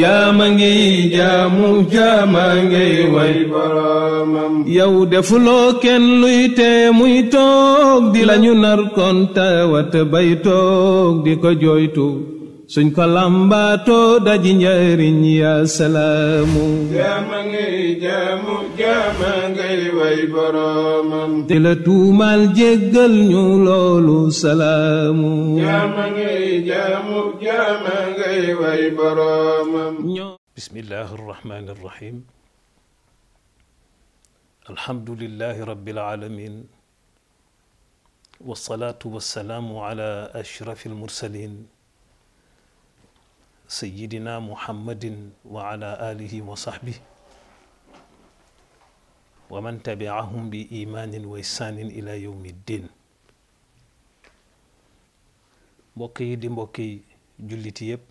jaama ngi jaamu jaama ngi way boromam yow defuloo kenn luy tee muy toog di lañu nar kon tawat bay toog di ko jooytu suñ ko làmbaatoo daji njariñ yaa salaamu jaama ngay jaamu jaama ngay way boroomam te la tuumaal jéggal ñu loolu salaamu jaama ngay jaamu jaama ngay way boroomam bismillahi arrahmani arrahim alhamdulillahi rabbil alamin والصلاه والسلام على اشرف المرسلين سيدنا محمد وعلى آله وصحبه ومن تبعهم بإيمان وإحسان إلى يوم الدين بوكي دي بوكي جلتي يب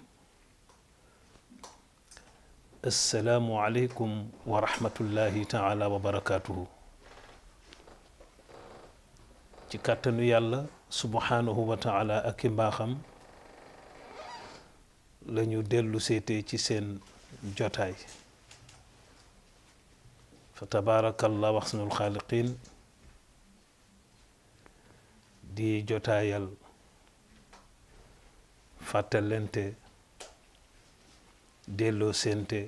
السلام عليكم ورحمة الله تعالى وبركاته تكاتنو يالله سبحانه وتعالى أكيم باخم lañu dellu seete ci seen jotaay fa tabaarakallah waxsanul xaaliqin di jotaayal fàttalente delloo sente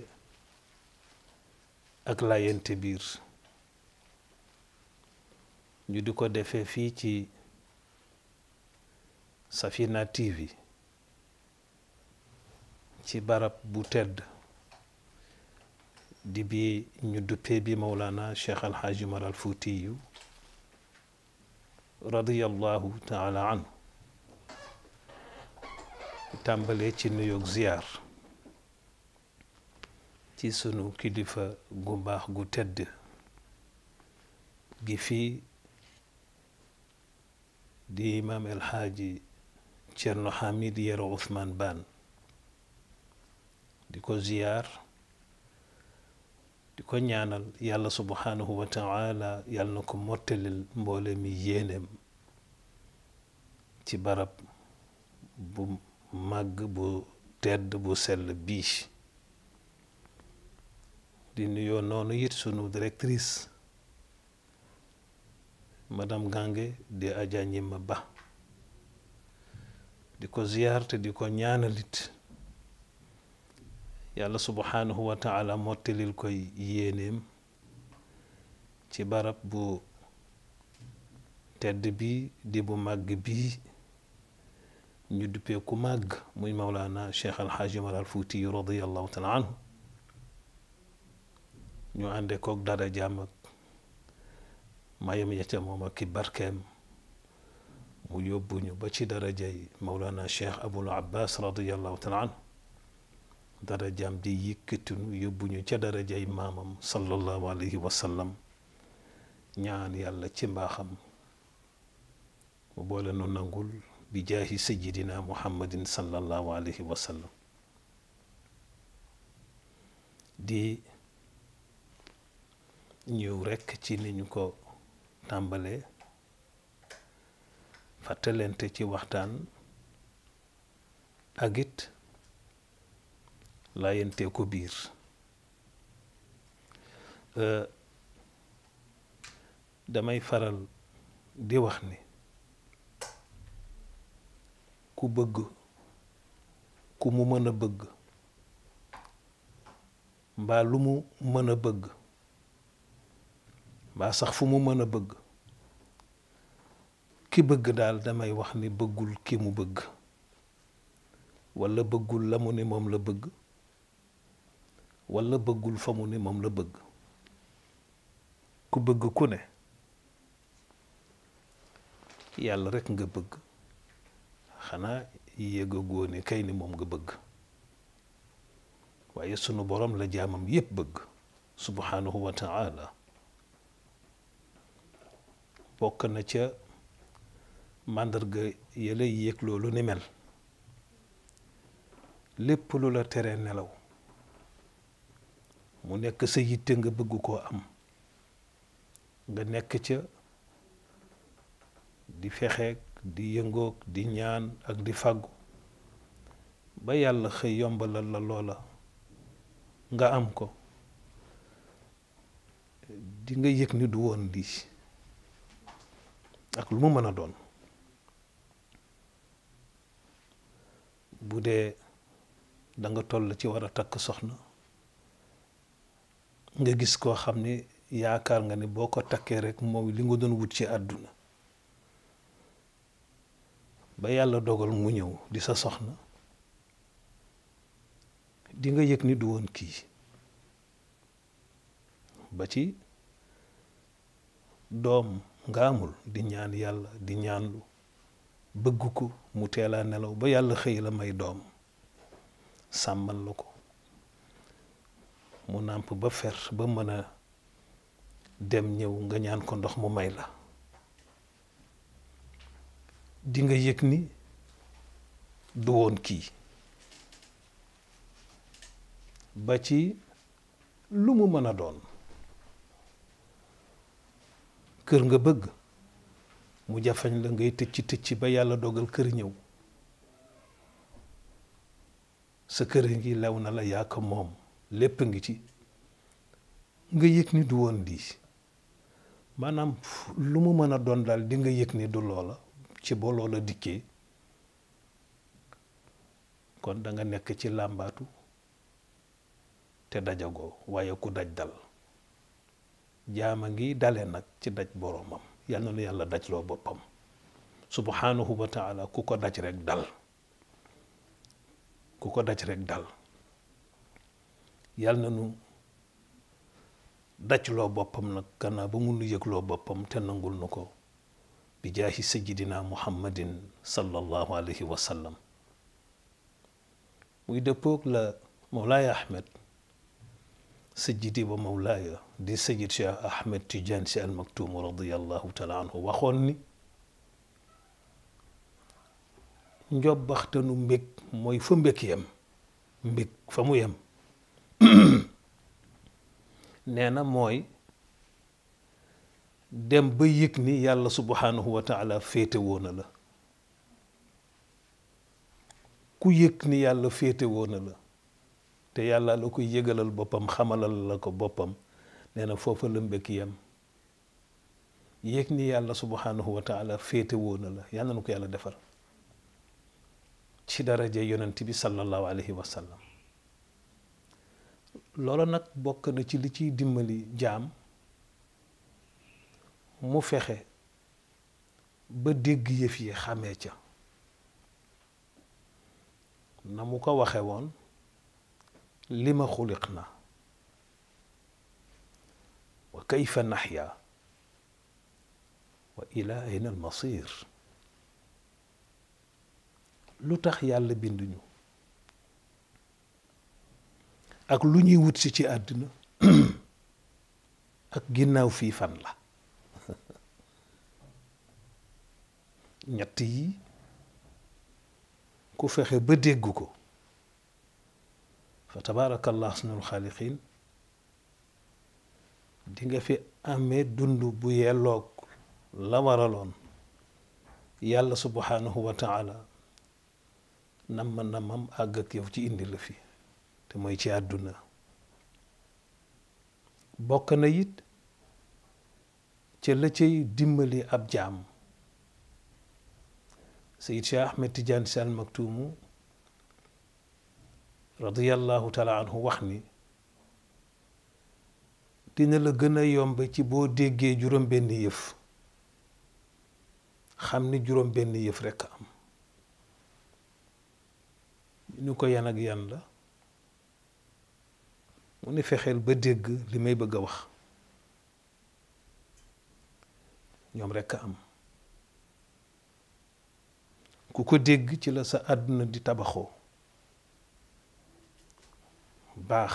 ak layente biir ñu di ko defee fii ci safina tv ci barab bu tedd di bi ñu duppee bi maulana Cheikh Al haji Umar Al Fuutiyu radiyallahu taala anhu tàmbalee ci nuyoog ziar ci sunu kilifa gu baax gu tedd gi fi di imam El Cerno Hamid Yero Ousmane Bane di ko ziyaar di ko ñaanal yàlla subhanahu wa taala yàlla na ko mottalil mboole mi yéeneem ci barab bu màgg bu tedd bu sell bii di nuyoo noonu it sunu directrice madame Gange di Adja ma Ba di ko ziyaar te di ko ñaanalit yàlla subhanahu wa taala mottalil koy yéenéem ci barab bu tedd bi di bu màgg bii ñu duppee ku màgg muy mawlaana cheikh alxaaji Umar al Fuuti radiallahu taala anhu ñu ànde koog dara jàmm ak mayam yete moom ak ki barkeem mu yóbbuñu ba ci darajay mawlaana cheikh abul abbas radiallahu taala anhu darajaam di yëkkatinu yóbbuñu ca darajay maamam sallallahu alayhi wa ñaan yàlla ci mbaaxam mu boole nu nangul bi jaahi muhammadin sallallahu alayhi wa di ñëw rekk ci ni ñu ko tàmbalee fàttalente ci waxtaan ak laayentee ko biir euh, damay faral di wax ni ku bëgg ku mu mën a bëgg mbaa lu mu mën a bëgg mbaa sax fu mu mën a bëgg ki bëgg daal damay wax ni bëggul ki mu bëgg walla bëggul la mu ni moom la bëgg wala bëggul fa mu ne moom la bëgg ku bëgg ku ne yàlla rek nga bëgg xanaa yëgagoo ne kay ni moom nga bëgg waaye sunu borom la jaamam yépp bëgg subhanahu wa taala bokk na ca màndarga yële yéeg loolu ni mel lépp lu la tere nelaw mu nekk sa yitte nga bëgg koo am nga nekk ca di fexeek di yëngook di ñaan ak di fàggu ba yàlla xëy yombalal la loola nga am ko di nga yëg ni du woon lii ak lu mu mën a doon bu dee danga nga toll ci war a takk soxna nga gis koo xam ne yaakaar nga ne boo ko takkee rek moom li nga doon wut ci àdduna ba yàlla dogal mu ñëw di sa soxna di nga yëg ni du woon kii ba ci doom nga di ñaan yàlla di ñaanlu bëgg ko mu teelaa nelaw ba yàlla xëy la may doom sàmmal la ko mu nàmp ba fer ba mën a dem ñëw nga ñaan ko ndox mu may la dinga yëg ni du woon kii ba ci lu mu mën a doon kër nga bëgg mu jafañ la ngay tëcc tëcc ba yàlla dogal kër ñëw sa kër ngi lew na la yaa ko moom lépp ngi ci nga yëg ni du woon lii maanaam lu mu mën a doon daal di nga yëg ni du loola ci ba loola dikkee kon danga nekk ci làmbaatu te dajagoo waaye ku daj dal jaama ngi dale nag ci daj boroomam yal na nu yàlla daj loo boppam subhanahu wa taala ku ko daj rek dal ku ko daj rek dal yàlla na nu dacloo boppam nag gannaaw ba mu yëgloo boppam te nangul nu ko bi jaahi sajidina muhammadin sallallahu alayhi wa sallam muy dëppoog la Mawlaaya Ahmed sajidi ba Mawlaaya di sajid Cheikh Ahmed Tidiane si almaktuum radiyallahu taala anhu waxoon ni njobbaxtanu mbég mooy fa mbég yem mbég fa mu yem nee na mooy dem ba yëg ni yàlla subhanahu wa féete woona la ku yëg ni yàlla féete woona la te yàlla la ko yëgalal boppam xamalal la ko boppam nee na foofa lëmbëkk yam yéeg ni yàlla subhanahu wa taala féete woona la yàlla na ko yàlla defal ci daraja yonent bi sallallahu alayhi wa sallam loola nag bokk na ci li ciy dimbali jaam mu fexe ba dégg yëf yi xamee ca na mu ko waxe woon li ma xuliq na wa kayfa naxya wa ila ayna almasir lu tax yàlla binduñu ak lu ñuy wut ci ci àddina ak ginnaaw fii fan la ñett yi ku fexe ba déggu ko fa tabaarakallah sunul xaaliqin di nga fi amee dund bu yelloog la waraloon yàlla subhanahu wa taala nam ma namam àgg ak yow ci indi la fii mooy ci àdduna bokk na it ca la cay dimbali ab jaam Seyid Cheikh Ahmed Tidiane Sy Al Maktuumu radiyallahu taala wax ni dina la gën a yomb ci boo déggee juróom benn yëf xam ni juróom benn yëf rekk am ñu ko yan ak yan la mu ni fexel ba dégg li may bëgg a wax ñoom rek am ku ko dégg ci la sa àdduna di tabaxoo baax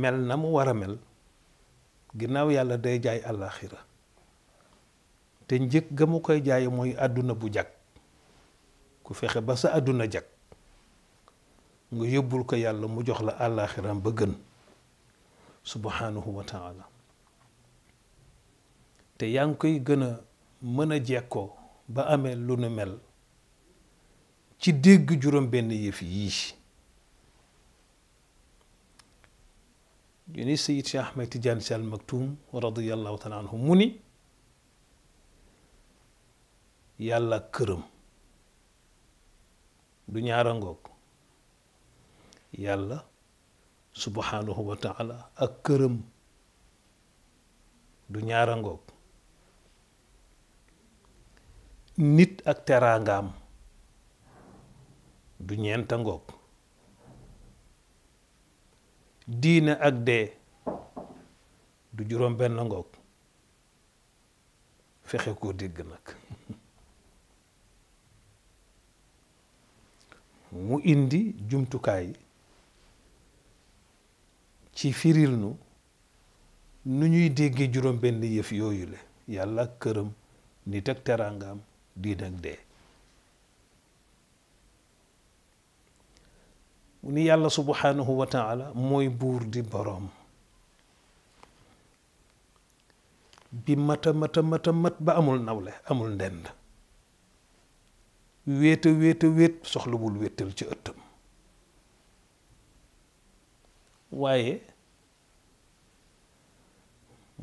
mel na mu war a mel ginnaaw yàlla day jaay àllaaxira te njëkk gamu koy jaay mooy àdduna bu jag ku fexe ba sa àdduna jag nga yóbbul ko yàlla mu jox la àllaaxiraam ba gën subhanahu wa taala te yaa ngi koy gën a mën a jekkoo ba amee lu nu mel ci dégg juróom benn yëf yii ñu ni sayid Cheikh Ahmed Tidiane Sy Al Maktoum radiallahu taala anhu mu ni yàlla këram du ñaara ngoog yàlla subhanahu wa taala ak këram du ñaara ngoog nit ak teraangaam du ñeenta ngoog diine ak dee du juróom benn ngoog fexe koo dégg nag mu indi jumtukaay ci firil nu nu ñuy déggee juróom benn yëf yooyu la yàlla këram nit ak teraangaam diin ak dee mu ni yàlla subhanahu wa taala mooy buur di boroom bi mata mata mata mat ba amul nawle amul ndend wéeta wéeta wéet soxlawul wéetal ci ëttam waaye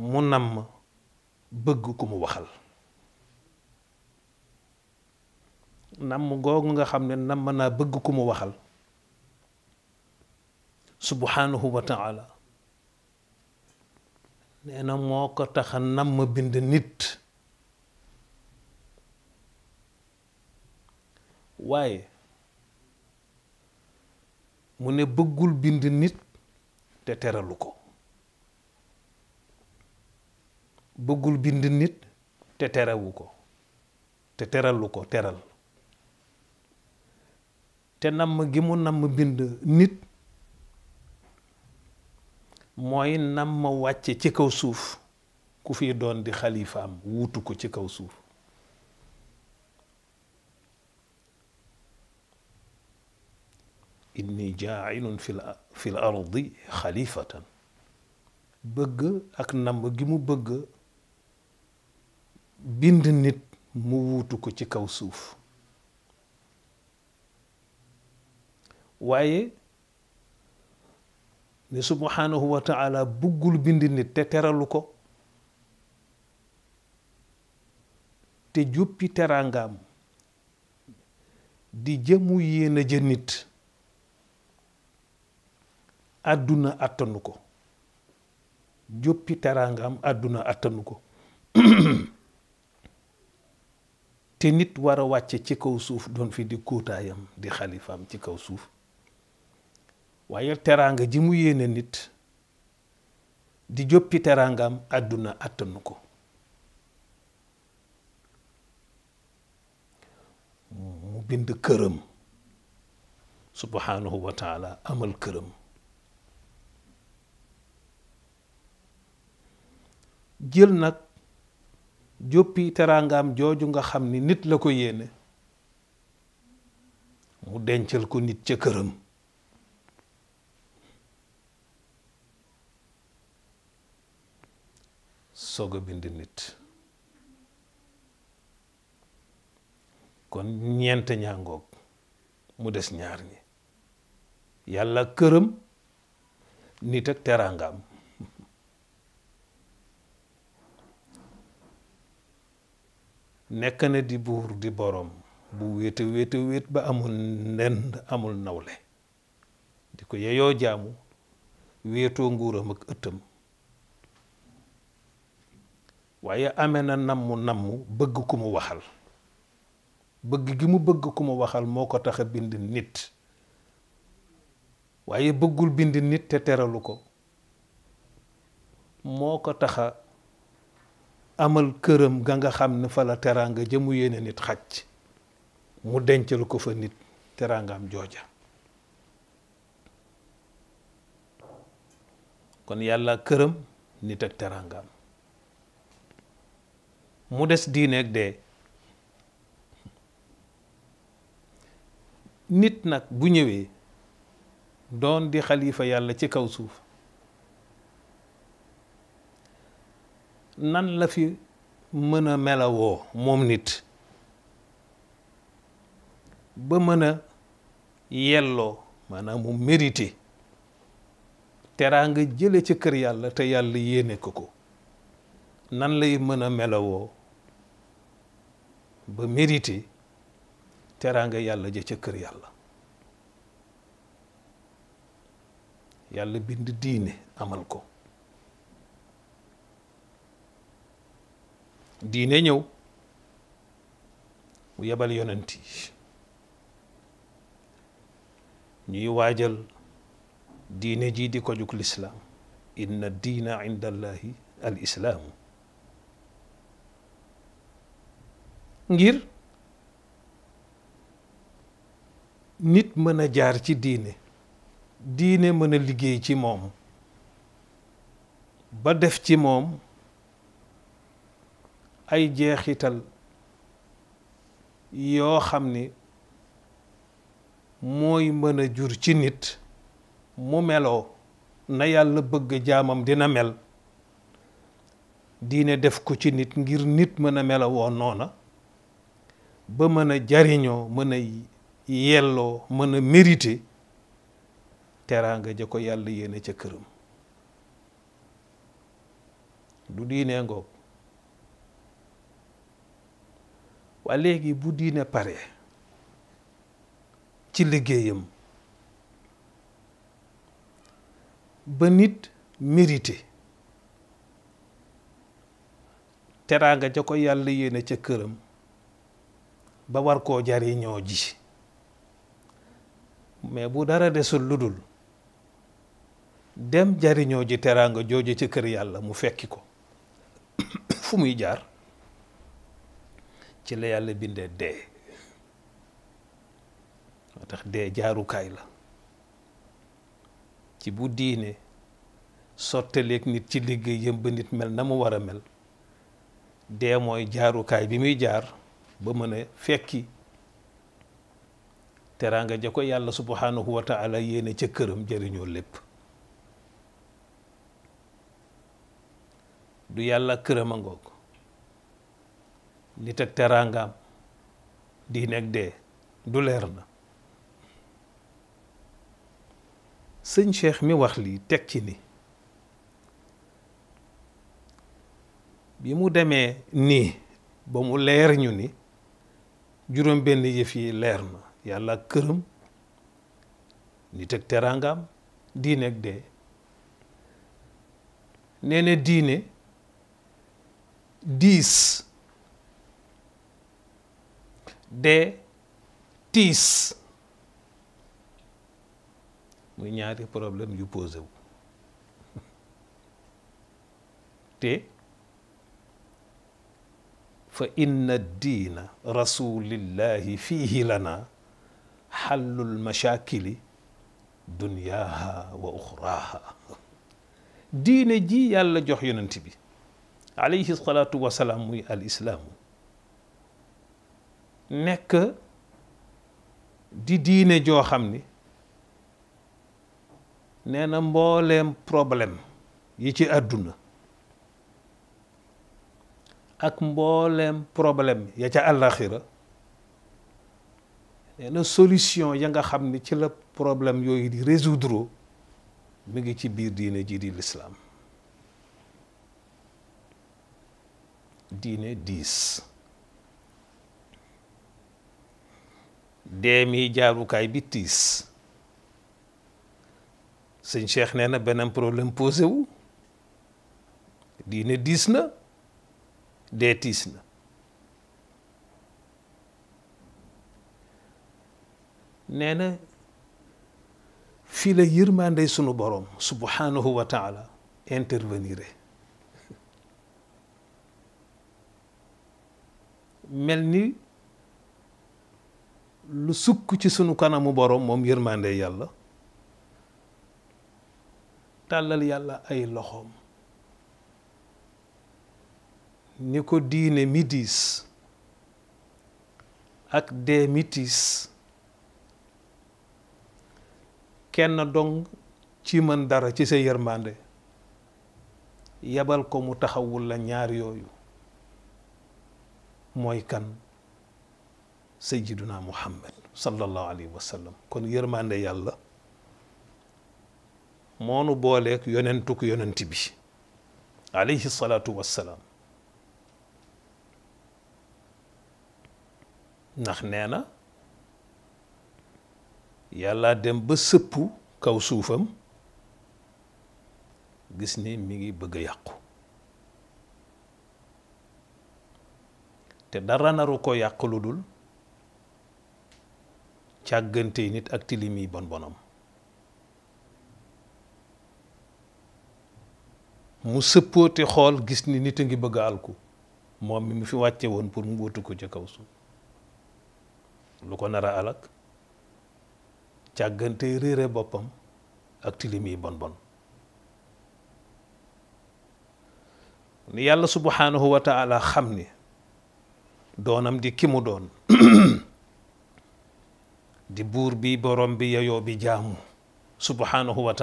mu namm bëgg ku mu waxal namm googu nga xam ne namm naa bëgg ku mu waxal subhanahu wa taala nee na moo ko tax namm bind nit waaye mu ne bëggul bind nit te teralu ko bëggul bind nit te terewu ko te teralu ko teral te namm gi mu namm bind nit mooy namm wàcce ci kaw suuf ku fi doon di xalifaam wuutu ko ci kaw suuf inni jaailun fi fi l ardi xalifatan bëgg ak namm gi mu bëgg bind nit mu wuutu ko ci kaw suuf waaye ne subhanahu wa taala buggul bind nit te teralu ko te juppi teraangaam di jëmu yéen a nit àdduna attanu ko juppi teraangaam àdduna attanu ko te nit war a wàcce ci kaw suuf doon fi di kuutaayam di xalifaam ci kaw suuf waaye teraanga ji mu yéene nit di joppi teraangaam àdduna àttanu ko mu bind këram subhanahu wa taala amal këram jël nag joppi teraangaam jooju nga xam ni nit la ko yéene mu dencal ko nit ca këram soog a bind nit kon ñeent ñaangoog mu des ñaar ñi yàlla këram nit ak teraangaam nekk na di buur di boroom bu wéeta ba amul nen amul nawle di ko yeyoo jaamu wéetoo nguuram ak ëttam waaye amee na namm namm bëgg ku mu waxal bëgg gi mu bëgg ku mu waxal moo ko tax a bind nit waaye bëggul bind nit te teralu ko moo ko taxa amal këram ga nga xam ne fa la teraanga jëmu yéene nit xaj mu dencal ko fa nit teraangaam jooja kon yàlla këram nit ak teraangaam mu des diineeg dee nit nag bu ñëwee doon di xalifa yàlla ci kaw suuf nan la fi mën a melawoo moom nit ba mën a yelloo maanaam mu mérité teraa nga jële ci kër yàlla te yàlla yéene ko ko nan lay mën a melawoo ba mérité teraa nga yàlla ja ca kër yàlla yàlla bind diine amal ko diine ñëw mu yebal yonent ñuy waajal diine jii di ko jug lislaam inna diina inda allahi ngir nit mën a jaar ci diine diine mën a liggéey ci moom ba def ci moom ay jeexital yoo xam ni mooy mën a jur ci nit mu meloo na yàlla bëgg jaamam dina mel diine def ko ci nit ngir nit mën a melawoo noona ba mën a jariñoo mën a yelloo mën a mérité teraanga ja ko yàlla yéene ca këram du diine ngoog waa léegi bu diine pare ci liggéeyam ba nit mérité teraanga ja ko yàlla yéene ca këram ba war koo jariñoo ji mais bu dara desul lu dul dem jariñoo ji teraanga jooje ca kër yàlla mu fekki ko fu muy jaar ci la yàlla bindee dee moo tax dee jaarukaay la ci bu diine sottaleeg nit ci liggéeyam ba nit mel na mu war a mel dee mooy jaarukaay bi muy jaar ba mën a fekki teraanga ja ko yàlla subhanahu wa taala yéene ca këram jëriñoo lépp du yàlla këram ngoog nit ak teraangaam diine dee du leer na sëñ Cheikh mi wax lii teg ci ni bi mu demee nii ba mu leer ñu ni juróom benn yëf yi leer na yàlla ak këram nit ak teraangaam diine ak dee nee diine diis de tiis muy ñaari problème yu posé wu te fa inna diina rasulillahi fiihi lana xallul mashakili dunyaha wa ukhraha diine ji yàlla jox yonent bi alayhi salaatu wasalaam muy al islam nekk di diine joo xam ni neena na mbooleem problème yi ci àdduna ak mboolem problème ya ca àllaxira nee solution ya nga xam ni ci la problème yooyu di résoudre mu ngi ci biir diine ji di lislaam diine diis demi jaru kay bitis sëñ Cheikh nee benen problème posé wu diine disna na dee tiis na la yërmande sunu borom subhanahu wa taala intervenir melni lu sukk ci sunu kanamu borom moom yërmande yàlla tàllal yàlla ay loxoom ni ko diine mi ak dee mi kenn dong ci mën dara ci sa yërmande yebal ko mu taxawul la ñaar yooyu mooy kan sayyiduna muhammad sallallahu alayhi wa kon yërmande yàlla moonu booleeg yonentuk yonent bi alayhi salaatu wassalaam ndax nee na yàlla dem ba sëppu kaw suufam gis ni mu ngi bëgg yàqu te dara naru ko yàq lu dul càggante nit ak tilim yi bon bonam mu sëppooti xool gis ni nit a ngi bëgg alku moom mi mu fi wàcce woon pour mu wóotu ko ca kaw suuf lu ko nar a alak càggante réer boppam ak tilim yi bon bon yàlla subhanahu wa xam ni doonam di ki mu doon di buur bi borom bi yeyoo bi jaamu subhanahu wa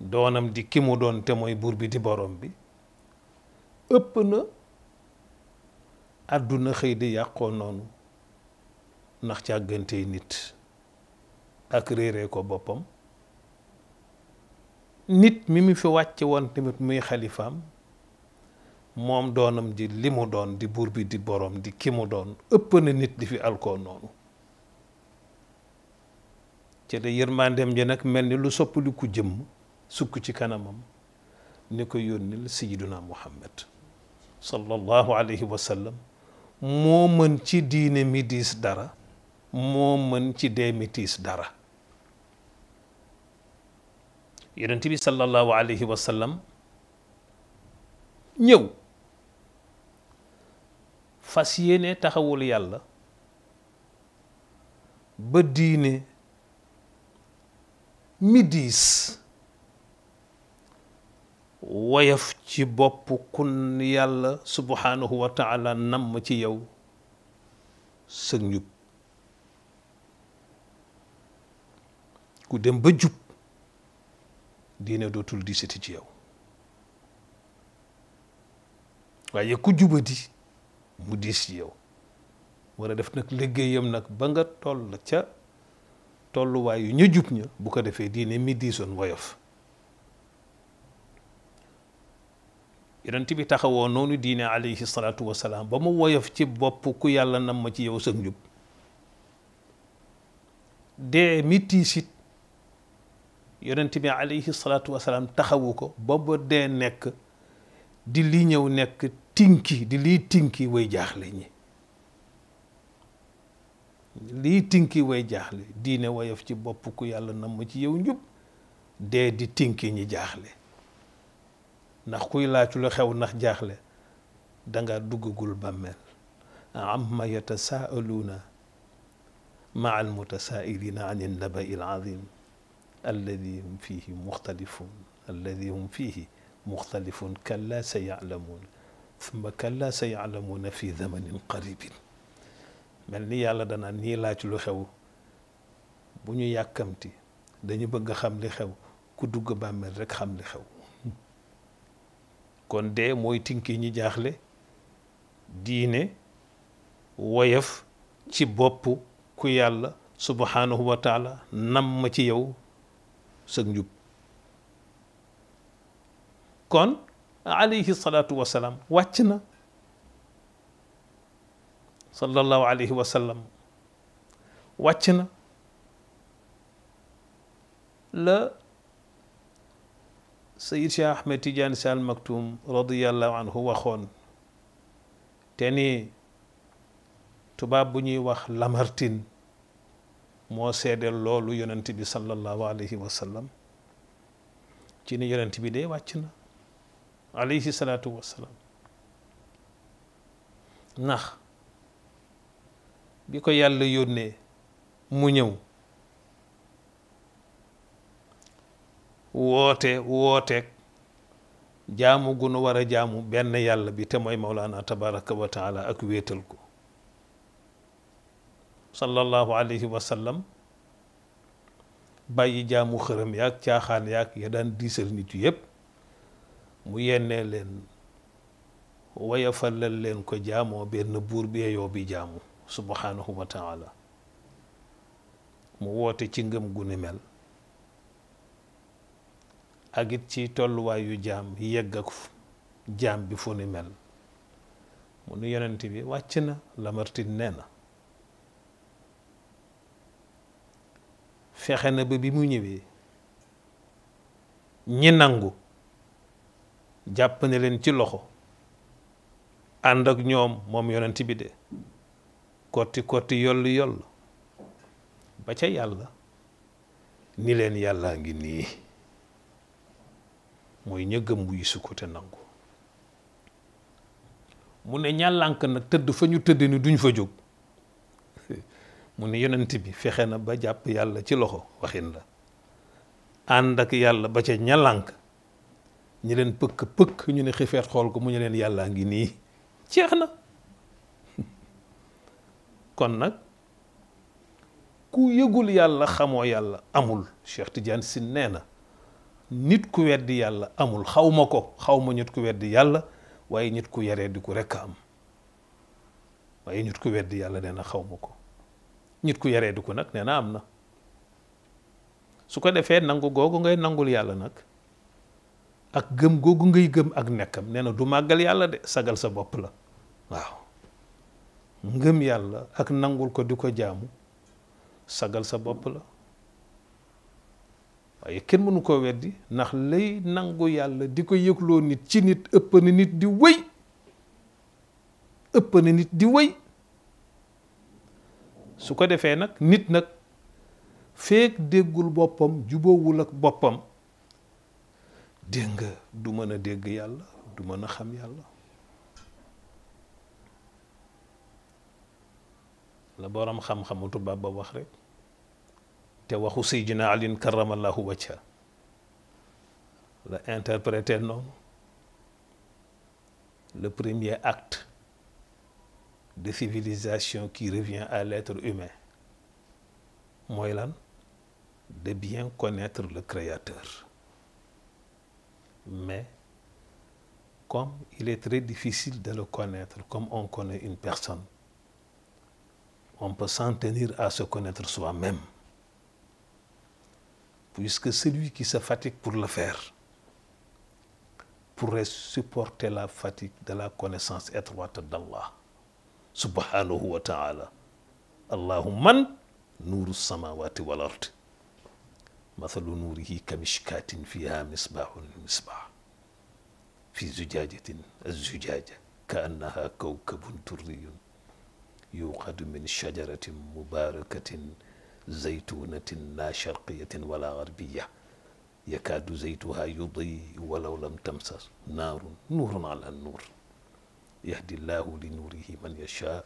doonam di ki mu doon te mooy buur bi di borom bi ëpp na àdduna xëy di yàqoo noonu ndax càggantey nit ak réeree ko boppam nit mi mu fi wàcce woon tamit muy xalifaam moom doonam ji li mu doon di buur bi di boroom di ki mu doon ëpp na nit di fi alkool noonu ci la yërmandeem ji nag mel ni lu soppali ku jëmm sukk ci kanamam ni ko yónnil sayiduna muhammad sallallahu alayhi wa moo mën ci diine mi diis dara moo mën ci dee mi tiis dara yonent bi sallallahu alayhi wa ñëw fas yéene taxawul yàlla ba diiné mi diis woyof ci bopp ku yàlla subhaanahu wa namm ci yow sëg njub ku dem ba jub diine dootul diisati ci yow waaye ku jubadi mu diis ci yow war def nag liggéeyam nag ba nga toll ca tolluwaayu ñu jub ñu bu ko defee diine mi diisoon woyof yonent bi taxawoo noonu diine alayhi salaatu wasalaam ba mu woyof ci bopp ku yàlla na ma ci yow sag njub dee mi tiisit yonent bi alayhi salaatu wasalaam taxawu ko ba ba dee nekk di li ñëw nekk tinki di li tinki way jaxle ñi li tinki way jaxle diine wayof ci bop ku yàlla nam ci yow njub de di tinki ñi jaxle ndax kuy laaj lu xew ndax jaxle da nga duggul bammel amma yatasaaluna مع المتسائلين عن النبأ العظيم الذي hum fihi muxtalifun alladi hum fihi muxtalifun kalla sa summa kalla sa na fi zamanin qaribin mel ni yàlla danaan ñii laaj lu xew bu ñu yàkkamti dañu bëgg xam li xew ku dugg bàmmeel rekk xam li xew kon dee mooy tinki ñi jaaxle diine woyof ci bopp ku yàlla subhanahu wa taala ma ci yow sëg njub kon alayhi salaatu wa salaam wàcc na sallallahu alayhi wa sallam wàcc na la Sayid Cheikh Ahmed Tidiane Sy Al Maktoum radiyallahu anhu waxoon te ni tubaab bu ñuy wax Lamartine moo seedeel loolu yonent bi sallallahu alayhi wa sallam ci ni yonent bi dee wàcc na alayhi salaatu wassalaam ndax bi ko yàlla yónnee mu ñëw woote wooteeg jaamu gu nu war a jaamu benn yàlla bi te mooy Mawlaana tabaraka wa taala ak wéetal ko sallallahu alayhi wa bàyyi jaamu xërëm yaag caaxaan yaag ya daan diisal nit yépp mu yennee leen wayafalal leen ko jaamoo benn buur bi yeyoo bi jaamu subhanahu wa mu woote ci ngëm gu ni mel ak it ci tolluwaayu jaam yegg ak jaam bi fu ni mel mu nu yonent bi wàcc na Lamartine nee na fexe na ba bi mu ñëwee ñi nangu jàpp ne leen ci loxo ànd ak ñoom moom yonent bi de koti koti yoll yoll ba ca yàlla ni leen yàllaa ngi nii mooy ña gëm wuy sukku te nangu mu ne ñàllank nag tëdd fa ñu tëdd ni duñ fa jóg mu ne yonent bi fexe ba jàpp yàlla ci loxo waxin la ak ba ca ñi leen pëkk pëkk ñu ne xifeet xool ko mu ñu leen yàllaa ngi nii jeex na kon nag ku yëgul yàlla xamoo yàlla amul Cheikh Tidiane si nee na nit ku weddi yàlla amul xaw ma ko xaw ma nit ku weddi yàlla waaye nit ku yaree di ko rekk am waaye nit ku weddi yàlla nee na xaw ma ko nit ku yaree di ko nag nee na am na su ko defee nangu googu ngay nangul yàlla nag ak gëm gogu ngay gëm ak nekkam neena du magal yalla de sagal sa bop la waaw ngëm yalla ak nangul ko diko jaamu sagal sa bop la waye kenn mënu ko weddi nax lay nangu yalla diko yeklo nit ci nit ëpp na nit di wëy ëpp na nit di wëy su ko defé nak nit nak fek degul bopam jubowul ak bopam dégg du mën a dégg yàlla du mën xam yàlla la borom xam-xamu tubaab ba wax rek te waxu Seydina Alin karamallahu wacca la interprété noonu le premier acte de civilisation qui revient à l'être humain mooy lan de bien connaître le Créateur mais comme il est très difficile de le connaître, comme on connaît une personne, on peut s'en tenir à se connaître soi-même. Puisque celui qui se fatigue pour le faire pourrait supporter la fatigue de la connaissance étroite d'Allah. Subhanahu wa ta'ala. Allahumman, samawati wal مثل نوره كمشكاة فيها مصباح المصباح في زجاجة الزجاجة كأنها كوكب دري يوقد من شجرة مباركة زيتونة لا شرقية ولا غربية يكاد زيتها يضيء ولو لم تمسس نار نور على النور يهدي الله لنوره من يشاء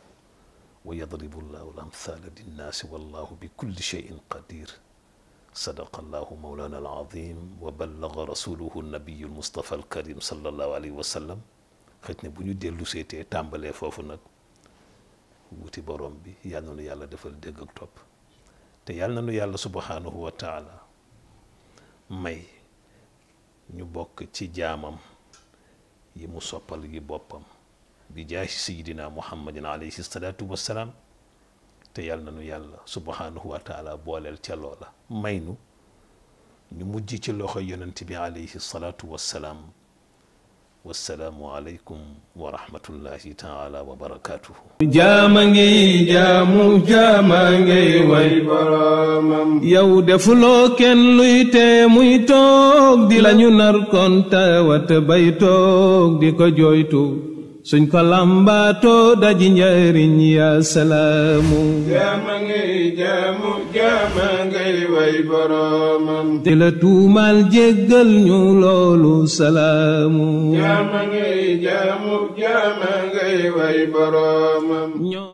ويضرب الله الأمثال للناس والله بكل شيء قدير صدق الله مولانا العظيم وبلغ رسوله النبي المصطفى الكريم صلى الله عليه وسلم خيتني بو ديلو سيتي تامبالي فوفو نك ووتي بروم بي يالنا نو يالا ديفال ديغ اك توب تي يالنا نو يالا سبحانه وتعالى ماي ني بوك تي جامام يمو سوبال يي بوبام بي جاي سيدنا محمد عليه الصلاه والسلام te yàlla na nu yàlla subhanahu wa taala booleel ca loola ñu mujj ci loxo yonent bi alayhi salaatu wassalaam wassalaamu aleykum wa rahmatullahi taala wa barakaatuhu jaama ngi jaamu jaama ngi way boroomam yow defuloo kenn luy tee muy toog di lañu nar konta wat bay toog di ko jooytu suñ ko làmbaatoo daji njariñ ya salaamu jaama ngay jaamu way boroomam te la tuumaal jéggal ñu loolu salaamu